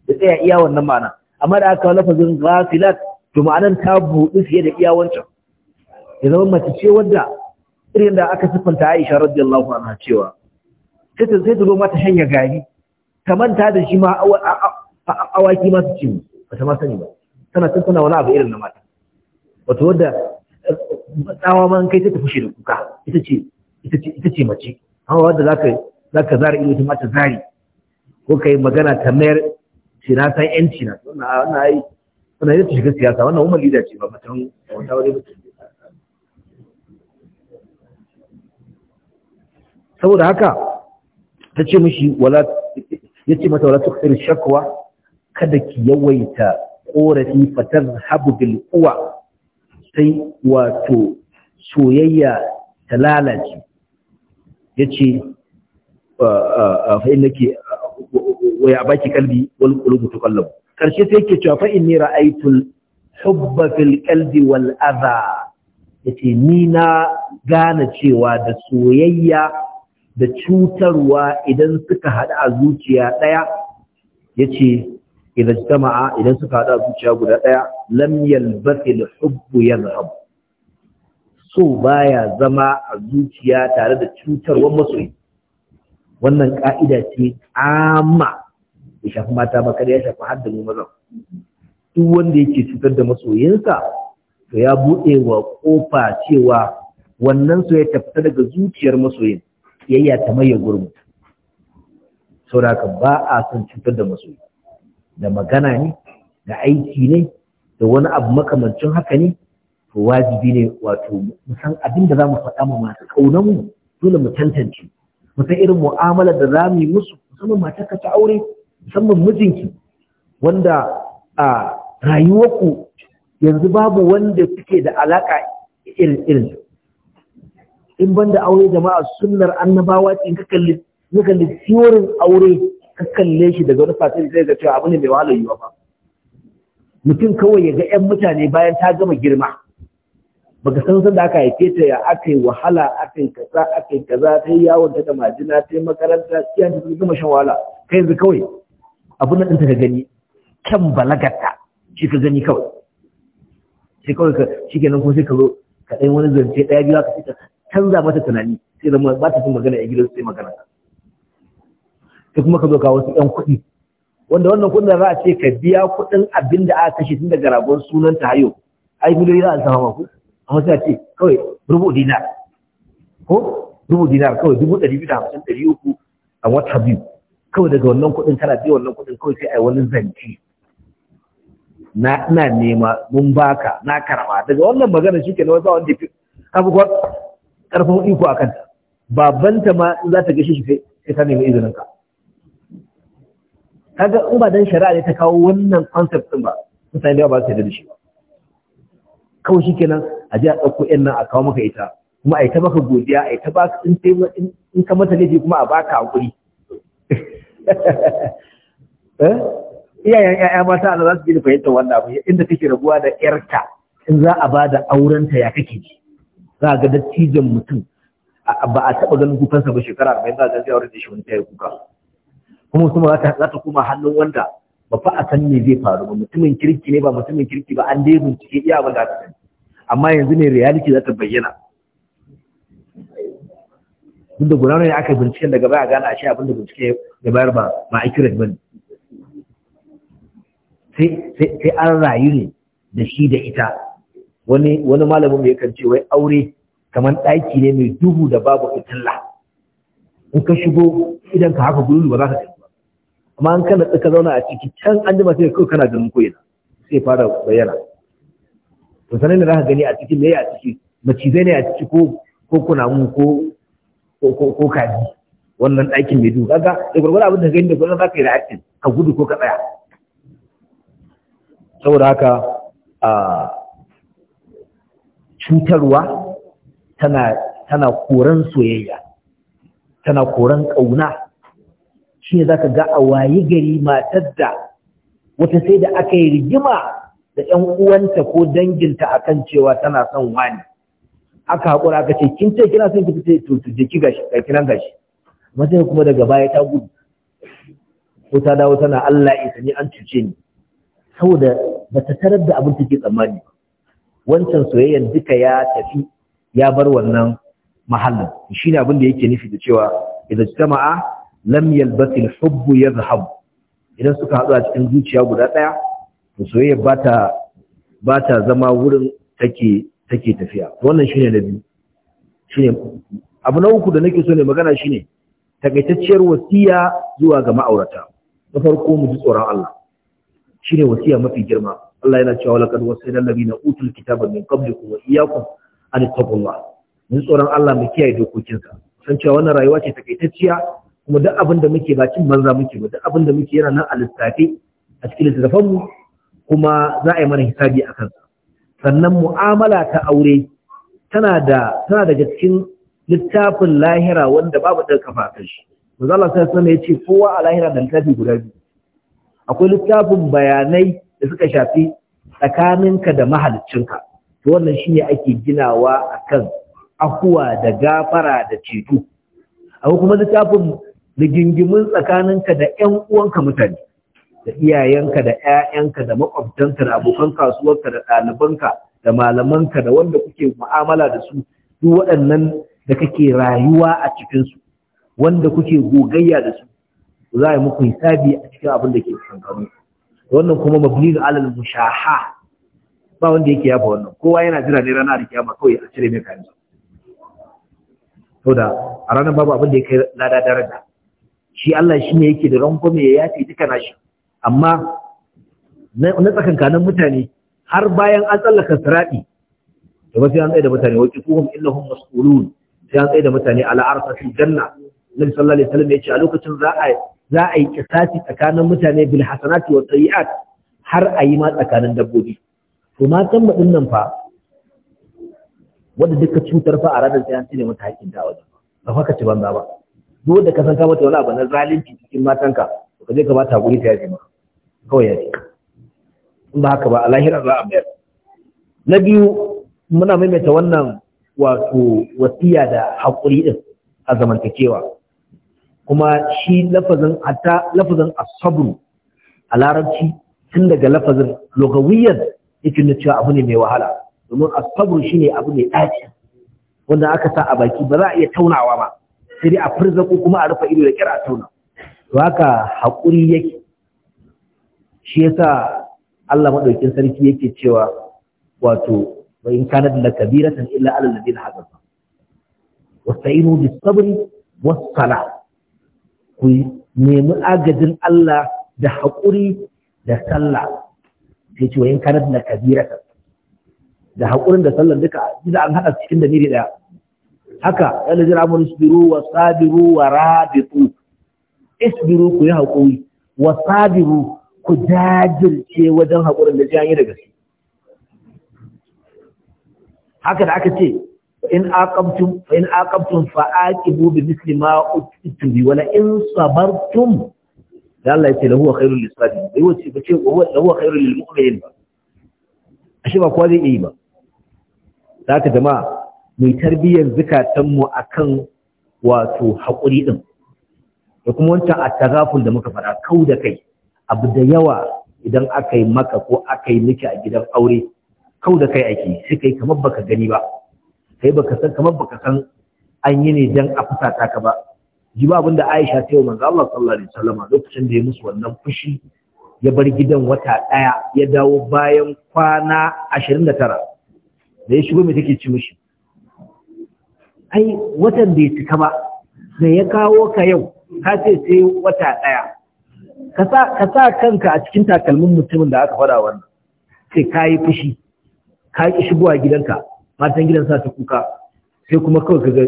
da tsaya iya wannan ma'ana amma da aka lafazin ghafilat to ma'anar ta buɗi fiye da iya wancan ya zama mace ce wadda irin da aka sifanta Aisha radiyallahu anha cewa sai ta zo mata shanya gari ta manta da shi ma awaki masu ciwo ba ta ma sani ba tana cin tana wani abu irin na mata wato wadda eh, tsawa ma kai ta tafi shi da kuka ita ce ita ce mace amma wadda za ka za ka zara ido ta mata zari ko ka yi magana ta mayar ce na san yanci na wannan ai wannan yadda shiga siyasa wannan umar lida ce ba mutum wata wani mutum saboda haka ta ce mishi wala yace mata wala tukthir shakwa kada ki yawaita korafi fatar habu bil sai wato soyayya ta lalace yace fa innaki wa baki kalbi wal ta tuqallabu karshe sai ke cewa fa inni ra'aytul hubba fil qalbi wal yace ni na gane cewa da soyayya da cutarwa idan suka haɗu a zuciya ɗaya ya ce idan jama'a idan suka haɗu a zuciya guda ɗaya lam yalbasil hubbu yazhab so baya zama a zuciya tare da cutarwar masoyi wannan ka'ida ce amma ya shafi mata ba ya shafi har da mu maza duk wanda yake cutar da masoyinsa to ya buɗe wa kofa cewa wannan so ya fita daga zuciyar masoyin siyayya ta maye gurin saboda ba a son cutar da masu da magana ne da aiki ne da wani abu makamancin haka ne to wajibi ne wato mu abin da za mu faɗa ma masu ƙaunar mu dole mu tantance mu san irin mu'amalar da za mu yi musu musamman ka ta aure musamman mijinki wanda a rayuwarku yanzu babu wanda suke da alaƙa irin irin in ban da aure jama'a sunnar annabawa in ka kalli ka kalli theory aure ka kalle shi daga wani fasin sai ga cewa abu ne mai wahala yiwa ba mutum kawai ya ga 'yan mutane bayan ta gama girma baka san san da aka haife ta ya aka yi wahala aka yi kaza aka yi kaza ta yi yawon ta majina ta yi makaranta iyayen ta gama shan wahala ka yanzu kawai na nan ka gani kyan balagarta shi ka gani kawai sai kawai ka shi kenan ko sai ka zo ka ɗan wani zance ɗaya biyu aka fita canza mata tunani sai zama ba ta son magana a gidan sai magana sai kuma ka zo ka wasu ƴan kuɗi wanda wannan kuɗin za a ce ka biya kuɗin abin da aka kashe tun daga ragon sunan ta hayo ai miliyoyi za a sama ku amma sai a ce kawai rubu dinar ko rubu dinar kawai dubu ɗari biyu da hamsin ɗari uku a wata biyu kawai daga wannan kuɗin kana biya wannan kuɗin kawai sai a yi wani zance na ina nema mun baka na karama daga wannan magana shi ke na wata wanda fi abubuwan ƙarfin iko a kanta babanta ma za ta gashi shi sai ta nemi izinin ka kaga in ba dan shari'a ne ta kawo wannan concept din ba mutane ba su yarda da shi ba kawai shikenan a je a ɗauko yan nan a kawo maka ita kuma a yi ta maka godiya a yi ta baka in sai in ka mata laifi kuma a baka hakuri eh? iyayen ƴaƴa mata ana za su gina fahimtar wannan abu inda kake rabuwa da ƴarka in za a ba da aurenta ya kake ji za ga dattijan mutum ba a taɓa ganin kukansa ba shekara arba'in za a ganin yawar da shi wani ta kuka kuma kuma za ta koma hannun wanda ba fa a san me zai faru ba mutumin kirki ne ba mutumin kirki ba an dai bincike iya ba za ta sani amma yanzu ne reality za ta bayyana duk da gudanar ne aka binciken daga baya gane a shi abinda bincike ya bayar ba ba accurate ba ne sai an rayu ne da shi da ita wani wani malamin mai kan ce wai aure kamar ɗaki ne mai duhu da babu fitilla in ka shigo idan ka haka gulu ba za ka ci ba amma an kana tsaka zauna a ciki can an jima sai kawai kana ganin koyi sai fara bayyana to sanin da za ka gani a ciki me a ciki macizai ne a ciki ko ko kunamu ko ko kaji wannan ɗakin mai duhu kaga da gurgurda abin da gani da gurgurda za ka yi ra'akin ka gudu ko ka tsaya saboda haka ah, cutarwa tana tana koran soyayya tana koran ƙauna shi ne za ka ga a wayi gari matar da wata sai da aka yi rigima da ‘yan uwanta ko danginta a kan cewa tana son wani aka haƙura aka ce kin ce kina son ki fice to je ki gashi kai kinan gashi mata kuma daga baya ta gudu ko ta dawo tana Allah ya sani an cuce ni saboda ba ta tarar da abin take tsammani ba wancan soyayyan duka ya tafi ya bar wannan mahallin shine abin da yake nufi da cewa idan jama'a lam yalbasil hubbu yadhhab idan suka haɗu a cikin zuciya guda ɗaya to soyayya ba ta zama wurin take take tafiya wannan shine na biyu shine abu na uku da nake so ne magana shine takaitacciyar wasiya zuwa ga ma'aurata na farko mu ji tsoron Allah shine wasiya mafi girma Allah yana cewa laqad wasayna na utul kitaba min qablikum wa iyyakum an taqullah mun tsoron Allah mu kiyaye dokokinsa san cewa wannan rayuwa ce takaitacciya kuma duk abin da muke ba cin banza muke ba duk abin da muke yana nan a lissafe a cikin littattafanmu mu kuma za a yi mana hisabi a kansa sannan mu'amala ta aure tana da tana daga cikin littafin lahira wanda babu da kafa kan shi manzo Allah sai ya ce kowa a lahira da littafi guda biyu akwai littafin bayanai da suka shafi tsakaninka da mahaliccinka to wannan shi shine ake ginawa a kan afuwa da gafara da ceto akwai kuma littafin rigingimin tsakaninka da 'yan uwanka mutane da iyayenka da 'ya'yanka da makwabtanka da abokan kasuwarka da ɗalibanka da malamanka da wanda kuke mu'amala da su duk waɗannan da kake rayuwa a cikinsu wanda kuke gogayya da su za a yi muku hisabi a cikin abin da ke kankaru wannan kuma mabni ga alal mushaha ba wanda yake yafa wannan kowa yana jira ne ranar kiyama kawai a cire mai kayan saboda a ranar babu abin da ya kai lada daraja shi Allah shi ne yake da rangwame ya yafi duka nashi amma na tsakankanin mutane har bayan an tsallaka sirati da wasu an tsaye da mutane wakil kuhum illahum mas'ulun sai an tsaye da mutane ala fi janna nabi sallallahu alaihi wasallam ya ce a lokacin za a za a yi kisasi tsakanin mutane bil hasanati wa sayyi'at har a yi ma tsakanin dabbobi to san mu dinnan fa wanda duka cutar fa a ranar sai an cire mata hakkin da wajen ba fa ka ci banza ba duk da ka san ka mata wani abu na zalunci cikin matanka ka je ka ba ta guri ta yaji ma kawai yaje in ba haka ba a za a bayar na biyu muna maimaita wannan wato wasiya da haƙuri din a zamantakewa kuma shi lafazin hatta lafazin asabru a larabci tun daga lafazin logawiyyar yake na cewa abu ne mai wahala domin asabru ne abu mai ɗaci wanda aka sa a baki ba za a iya taunawa ba sai dai a furza ko kuma a rufe ido da kira a tauna to haka haƙuri yake shi yasa Allah madaukin sarki yake cewa wato wa in kana da kabiratan illa alal ladina hazafa wasta'inu bis sabri was ku nemi agajin Allah da haƙuri da sallah sai ce wayin da kabirata da haƙurin da sallah duka duka an haɗa cikin da miri ɗaya haka yana jira mun isbiru wa sabiru wa rabitu isbiru ku yi haƙuri wa sabiru ku jajirce wajen haƙurin da jiyan yi da gaske haka da aka ce in aqabtum fa in aqabtum fa aqibu bi misli ma utitu bi wala in sabartum da Allah yace lahuwa khairul lisabi bai wace ba ce wa lahu khairul lil mu'minin ba ashe ba kowa zai yi ba ta jama'a mai tarbiyyar zakatan mu akan wato hakuri din da kuma wancan attazaful da muka fara kau da kai abu da yawa idan aka maka ko aka yi miki a gidan aure kau da kai ake sai kai kamar baka gani ba kai baka san kamar baka san an yi ne dan a fusata ka ba ji ba abinda Aisha ta yi manzo Allah sallallahu alaihi wasallam lokacin da ya musu wannan fushi ya bar gidan wata daya ya dawo bayan kwana 29 da ya shigo me take ci mishi ai watan da ya cika ba me ya kawo ka yau ka ce sai wata daya ka sa kanka a cikin takalmin mutumin da aka fada wannan sai kai fushi ka ki a gidanka matan gidan sa ta kuka sai kuma kawai kaga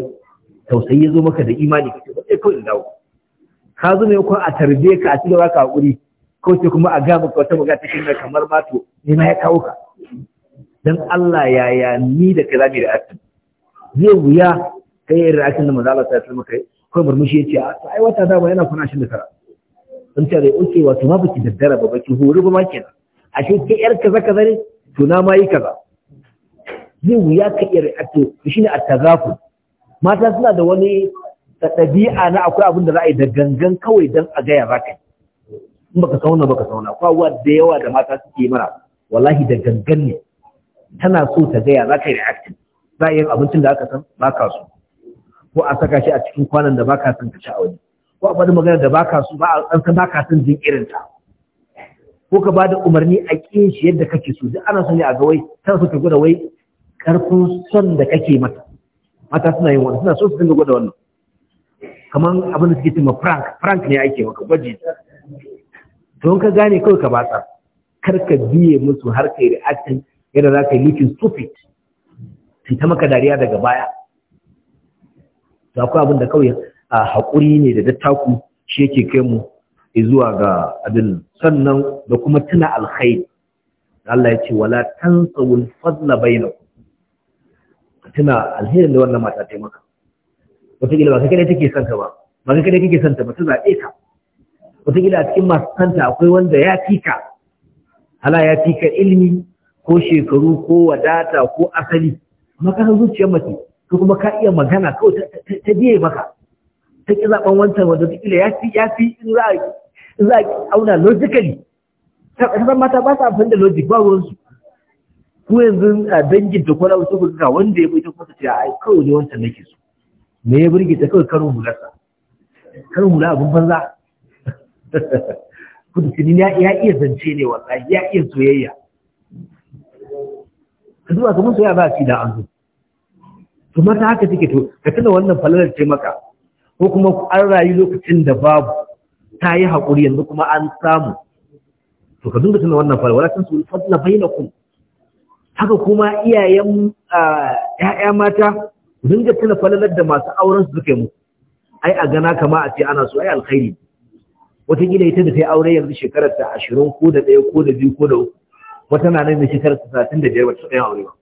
tausayi ya zo maka da imani ka ce ba sai kawai dawo ka zo ne kuma a tarbe ka a cikin ka hakuri kawai sai kuma a ga maka wata magana ta shirya kamar ma to ni ma ya kawo ka dan Allah yaya ni da kai zamu da aiki zai wuya kai irin akin da manzo Allah ta tsama kai kawai murmushi ya a ai wata dama yana kuna shi da kara sun ce dai uke wato ma baki daddara ba baki horo ba ma kenan shi ke yar kaza kaza ne to na ma yi kaza zai wuya ka iya shi ne a tazafu mata suna da wani ɗabi'a na akwai abin da za a yi da gangan kawai don a gaya za ka yi. in baka sauna baka sauna kwawa da yawa da mata suke mara wallahi da gangan ne tana so ta gaya za ka yi reacting za a yi abincin da aka san ba ka so ko a saka shi a cikin kwanan da ba ka san ka ci a waje ko a faɗi magana da ba ka so ba a san ba ka san jin irin ta ko ka ba da umarni a ƙin shi yadda kake so duk ana so ne a ga wai tana so ta gwada wai karfin son da kake mata mata suna yin wani suna so su dinga gwada wannan kamar abin da suke cewa frank frank ne ake maka gwaji to ka gane kawai ka batsa kar ka biye musu har kai da reacting yadda za ka yi looking stupid sai ta maka dariya daga baya to akwai abin da kawai a haƙuri ne da dattaku shi yake kai mu zuwa ga abin sannan da kuma tuna alkhairi Allah ya ce wala tansawul fadla bainakum tana alherin da wannan mata ta maka wataƙila ba kai ne take son ta ba ba kai ne kake son ta ba ta zaɓe ka wataƙila a cikin masu santa akwai wanda ya fi ka Ala ya fi ka ilimi ko shekaru ko wadata ko asali amma ka san zuciyar mace ko kuma ka iya magana kawai ta biye maka ta ƙi zaɓen wancan wanda wataƙila ya fi ya fi in za a auna logically ta mata ba sa amfani da logic ba ruwansu ku yanzu a dangin da kwana wasu kuka wanda ya bai ta ce a kawai ne wancan nake so me ya burge ta kawai karin hularsa karo hula abin banza kudu tuni ya iya zance ne wata ya iya soyayya ka zuwa kamar soyayya ba ci da an zo to mata haka take to ka tuna wannan falalar ce maka ko kuma an rayu lokacin da babu ta yi haƙuri yanzu kuma an samu to ka dinga tuna wannan falalar wala tansu fadla bainakum haka kuma iyayen ‘ya'ya mata dinga tuna falalar da masu auren su kai mu musu ai a gana kama a ce ana so ai alkhairi wataƙila ita da ta yi aure yanzu shekarar ta ashirin ko da ɗaya ko da biyu ko da uku wata na nan da shekarar ta talatin da biyar wata ɗaya aure ba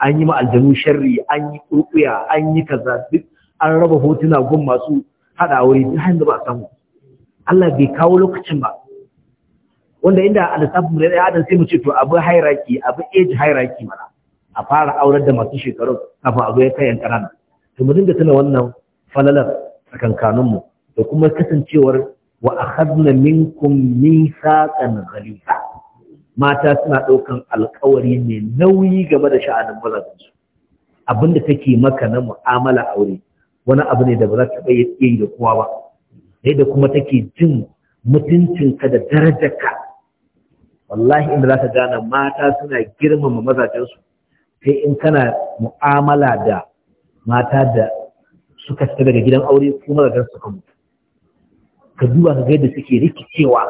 an yi ma aljanu sharri an yi ƙurƙuya an yi kaza duk an raba hotuna gun masu haɗa aure duk hanyar ba a samu Allah bai kawo lokacin ba wanda inda a lissafin mu ya adam sai mu ce to abu hierarchy abu age hierarchy mana a fara aurar da masu shekaru kafin a zo ya kayan ƙanana. to mu dinga tuna wannan falalar tsakankanin mu da kuma kasancewar wa akhadna minkum mithaqan ghaliza mata suna daukan alƙawari ne nauyi game da sha'anin su abinda take maka na mu'amala aure wani abu ne da ba za ta bayyana da kowa ba sai da kuma take jin mutuncinka da darajarka wallahi inda za ka gane mata suna girmama mazajensu sai in kana mu'amala da mata da suka fita daga gidan aure ko mazajen kan mutu ka duba ka ga yadda suke rikicewa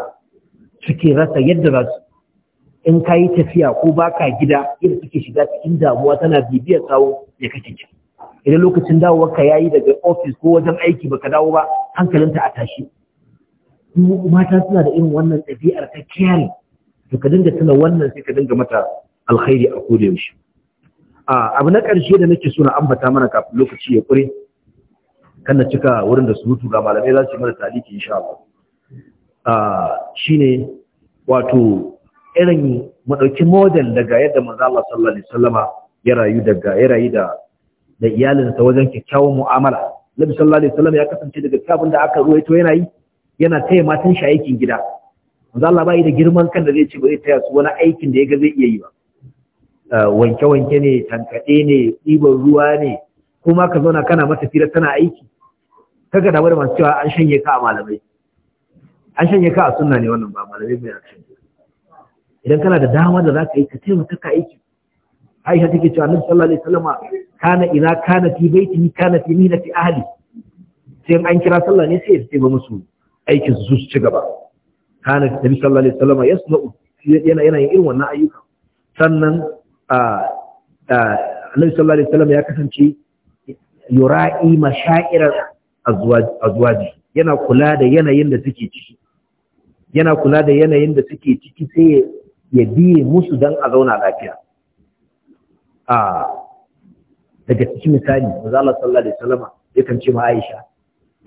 suke rasa yadda za su in ka yi tafiya ko ba ka gida yadda suke shiga cikin damuwa tana bibiyar sawo ya kake ci idan lokacin dawowarka ya yi daga ofis ko wajen aiki ba ka dawo ba hankalinta a tashi mata suna da irin wannan ɗabi'ar ta kiyare to ka dinga tuna wannan sai ka dinga mata alkhairi a koda yaushe a abu na ƙarshe da nake so na ambata mana kafin lokaci ya ƙure kan na cika wurin da surutu ga malamai za su yi mana taliki insha Allah a shine wato irin madauki model daga yadda manzo Allah sallallahu alaihi wasallama ya rayu daga ya rayu da da iyalinsa wajen kyakkyawan mu'amala Nabi sallallahu alaihi wasallam ya kasance daga kabin da aka ruwaito yana yi yana taya matan shi aikin gida manzo Allah yi da girman kan da zai ce bai taya su wani aikin da ya ga zai iya yi ba ah, wanke-wanke ne tankaɗe ne ɗiban ruwa ne kuma ka zauna kana masa fira tana aiki kaga da masu cewa an shanye ka a malamai an shanye ka a suna ne wannan ba malamai mai shanye. idan kana da dama da za ka yi ka taimaka ka aiki Aisha take cewa Annabi sallallahu alaihi wasallam kana ina kana fi baiti kana fi fi ahli sai an kira sallah ne sai ya ba musu aikin su su ci gaba kana nabi sallallahu alaihi wasallam yasma'u yana yana yin irin wannan ayyuka sannan a annabi sallallahu alaihi wasallam ya kasance yura'i mashairar azwaji yana kula da yanayin da suke ciki yana kula da yanayin da suke ciki sai ya biye musu dan a zauna lafiya a daga cikin misali manzo Allah sallallahu alaihi wasallam yakan ce ma Aisha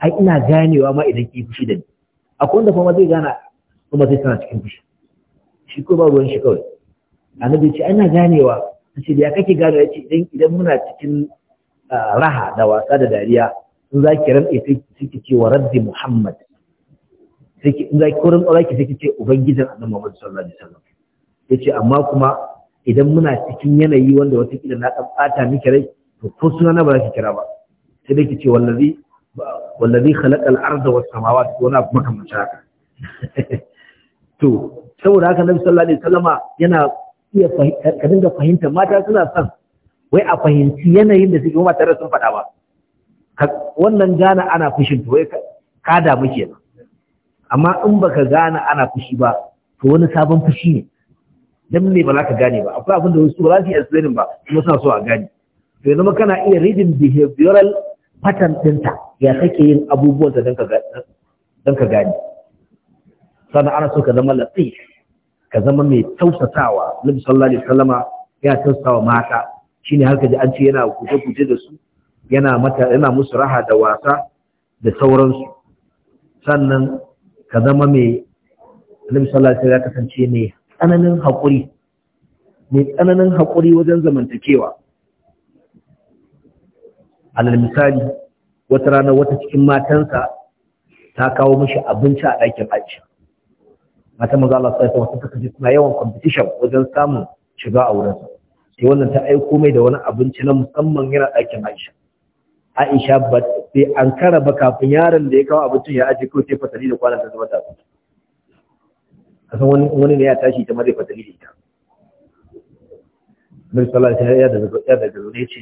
ai ina ganewa ma idan ki fushi da ni akwai wanda kuma zai gana kuma sai tana cikin fushi shi ko babu wani shi kawai annabi ce ana ganewa ce da ya kake gane ya ce idan idan muna cikin ah, raha da wasa da dariya in za ki rantse sai ki ce wa raddi muhammad sai ki in za ki kurin tsara ki sai ki ce ubangijin annabi muhammad sallallahu alaihi wasallam ce amma kuma idan muna cikin yanayi wanda wata kila na kan bata miki rai to ko suna na ba za ki kira ba sai dai ki ce wallazi wallazi khalaqa al-arda was samawati wa la makamancin haka to saboda haka nabi sallallahu alaihi wasallama yana iya ka dinga fahimta mata suna son wai a fahimci yanayin da suke kuma da sun faɗa ba wannan gane ana fushin to wai ka damu ke. amma in baka gane ana fushi ba to wani sabon fushi ne dan ne ba za ka gane ba akwai abin da wasu ba za su yi explaining ba kuma suna so a gane to yanzu ma kana iya reading behavioral pattern ɗinta ya kake yin abubuwan da don ka gane sannan ana so ka zama latsi, ka zama mai tausasawa nabi sallallahu alaihi ya tausasawa mata shine har kaji an ce yana guje-guje da su yana mata yana musu raha da wasa da sauransu sannan ka zama mai nabi sallallahu alaihi ya kasance mai tsananin haƙuri mai tsananin haƙuri wajen zamantakewa alal misali wata rana wata cikin matansa ta kawo mishi abinci a ɗakin aisha mata maza Allah sai wasu suka ji suna yawan competition wajen samun shiga a wurin sai wannan ta aiko mai da wani abinci na musamman yana ɗakin Aisha Aisha ba sai an kara ba kafin yaron da ya kawo abincin ya aje kawai sai fasali da kwanan ta zama da abinci kasan wani wani ne ya tashi ta mare fasali da ita Nabi sallallahu alaihi wasallam ya da ya da ce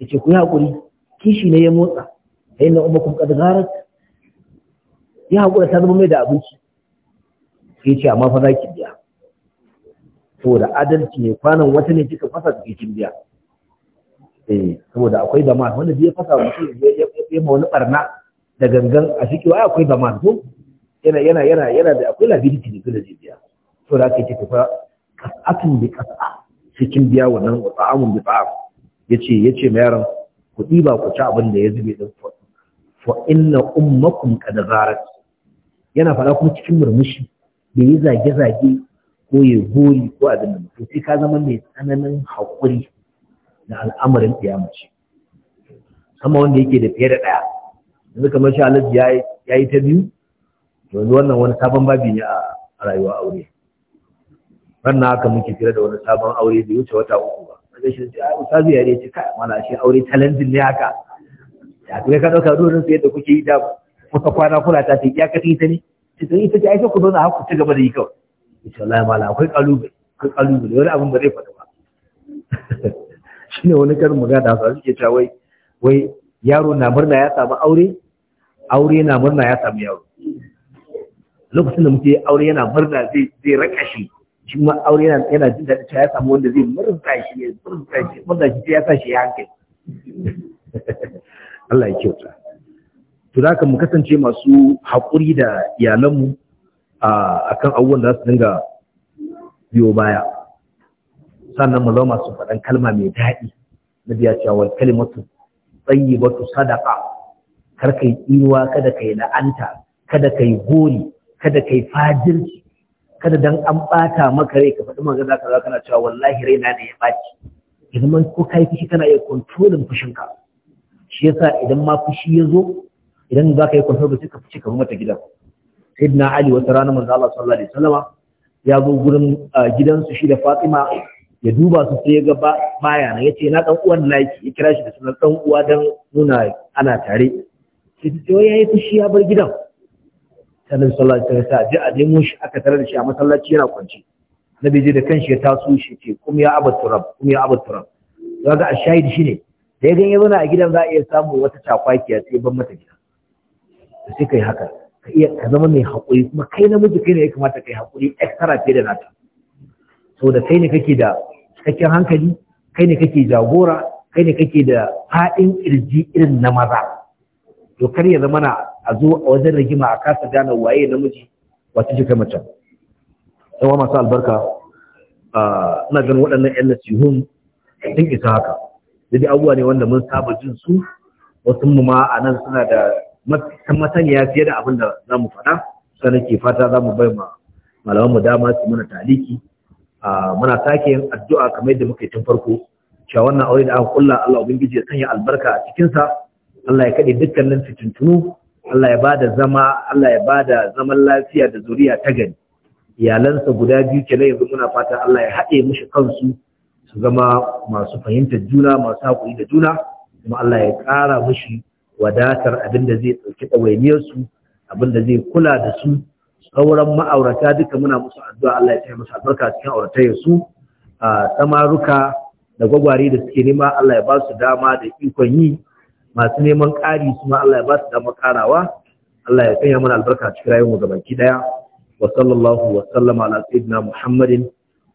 yace ku yi hakuri kishi ne ya motsa ayyana umakum qad gharat ya hakura ta zama mai da abinci sai ce amma fa za ki biya saboda adalci ne kwanan wata ne kika fasa da kin biya eh saboda akwai dama wanda zai fasa mutum ya ya ma wani barna da gangan a cikin ai akwai dama to yana yana yana yana da akwai liability ne dole zai biya da kake yake fa kasatun bi kasa cikin biya wannan ta'amun bi ta'am yace yace ma yaron ku ba ku ci abin da ya zube din fa inna ummakum kad zarat yana faɗa kuma cikin murmushi ya yi zage-zage ko ya gori ko abin da mutum sai ka zama mai tsananin haƙuri da al'amarin kiyamaci sama wanda yake da fiye da ɗaya yanzu kamar shi alaji ya yi ta biyu yanzu wannan wani sabon babi ne a rayuwa aure wannan haka muke fira da wani sabon aure da wuce wata uku ba kaga shi ta ustazu ya ce kai mana shi aure talentin ne haka ya kuma ka ɗauka, dorin sai da kuke yi da kuka kwana kuna ta sai iyakacin ta ne sai ita ce ai ku zo na haku ci gaba da yi kawai insha Allah mala akwai kalubale akwai kalubale wani abin ba zai faɗi ba shine wani karin magana da suke cewa wai wai yaro na murna ya samu aure aure na murna ya samu yaro lokacin da muke aure yana murna zai zai raka shi shi ma aure yana yana jin daɗi ya samu wanda zai murna shi ya murna shi murna shi ya sa shi ya hankali Allah ya kyauta to za mu kasance masu haƙuri da iyalanmu a kan abubuwan da su dinga biyo baya sannan mu zama masu faɗan kalma mai daɗi na biya cewa wani kalimatu su sadaka kar ka yi inuwa kada ka yi la'anta kada ka yi gori kada ka yi fajirci kada dan an ɓata maka rai ka faɗi magana kaza kana cewa wallahi na ne ya baci idan man ko yi fushi kana iya kontrolin fushinka shi yasa idan ma fushi ya zo idan za ka yi kwantar da suka ka fice ka mata gidan sayyidina ali wata rana manzo Allah sallallahu alaihi ya zo gurin gidansu shi da Fatima ya duba su sai ya ga baya na yace na dan uwan laki ya kira shi da sunan dan uwa dan nuna ana tare sai ta ya yi fushi ya bar gidan sannan sallallahu alaihi wasallam ji a nemo shi aka tarar da shi a masallaci yana kwance nabi ji da kanshi ya taso shi ce kum ya abu turab kum ya abat turab kaga a shahidi shine da ya ganye zauna a gidan za a iya samu wata cakwakiya sai ban mata gidan. sai kai haka ka iya ka zama mai haƙuri kuma kai namiji kai ne ya kamata kai haƙuri extra fiye da nata saboda kai ne kake da cikakken hankali kai ne kake jagora kai ne kake da faɗin ƙirji irin na maza to kar ya zama na a zo a wajen rigima a kasa gane waye namiji wata kai mace yawa masu albarka ina ganin waɗannan yan nasihun sun isa haka dai abubuwa ne wanda mun saba jin su wasu mu ma a nan suna da masaniya fiye da abin da za mu faɗa sannan ke fata za mu bai ma malamanmu dama su mana taliki muna sake yin addu'a kamar yadda muka yi tun farko cewa wannan aure da aka kulla Allah ubangiji ya sanya albarka a cikinsa Allah ya kaɗe dukkanin fitintunu Allah ya bada zama Allah ya bada zaman lafiya da zuriya ta gani iyalansa guda biyu kenan yanzu muna fata Allah ya haɗe mushi kansu su zama masu fahimtar juna masu haƙuri da juna kuma Allah ya ƙara mushi wadatar abin da zai ɗauki ɗawainiyarsu abin da zai kula da su sauran ma'aurata duka muna musu addu'a Allah ya tsaye musu albarka cikin auratayyar su a samaruka da gwagware da suke nema Allah ya ba su dama da ikon yi masu neman ƙari su ma Allah ya ba su dama karawa Allah ya sanya mana albarka cikin rayuwar gabaki daya wa sallallahu wa sallama ala sayyidina Muhammadin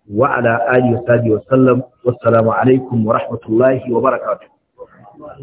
wa ala alihi wa sahbihi wa sallam wassalamu alaikum wa rahmatullahi wa barakatuh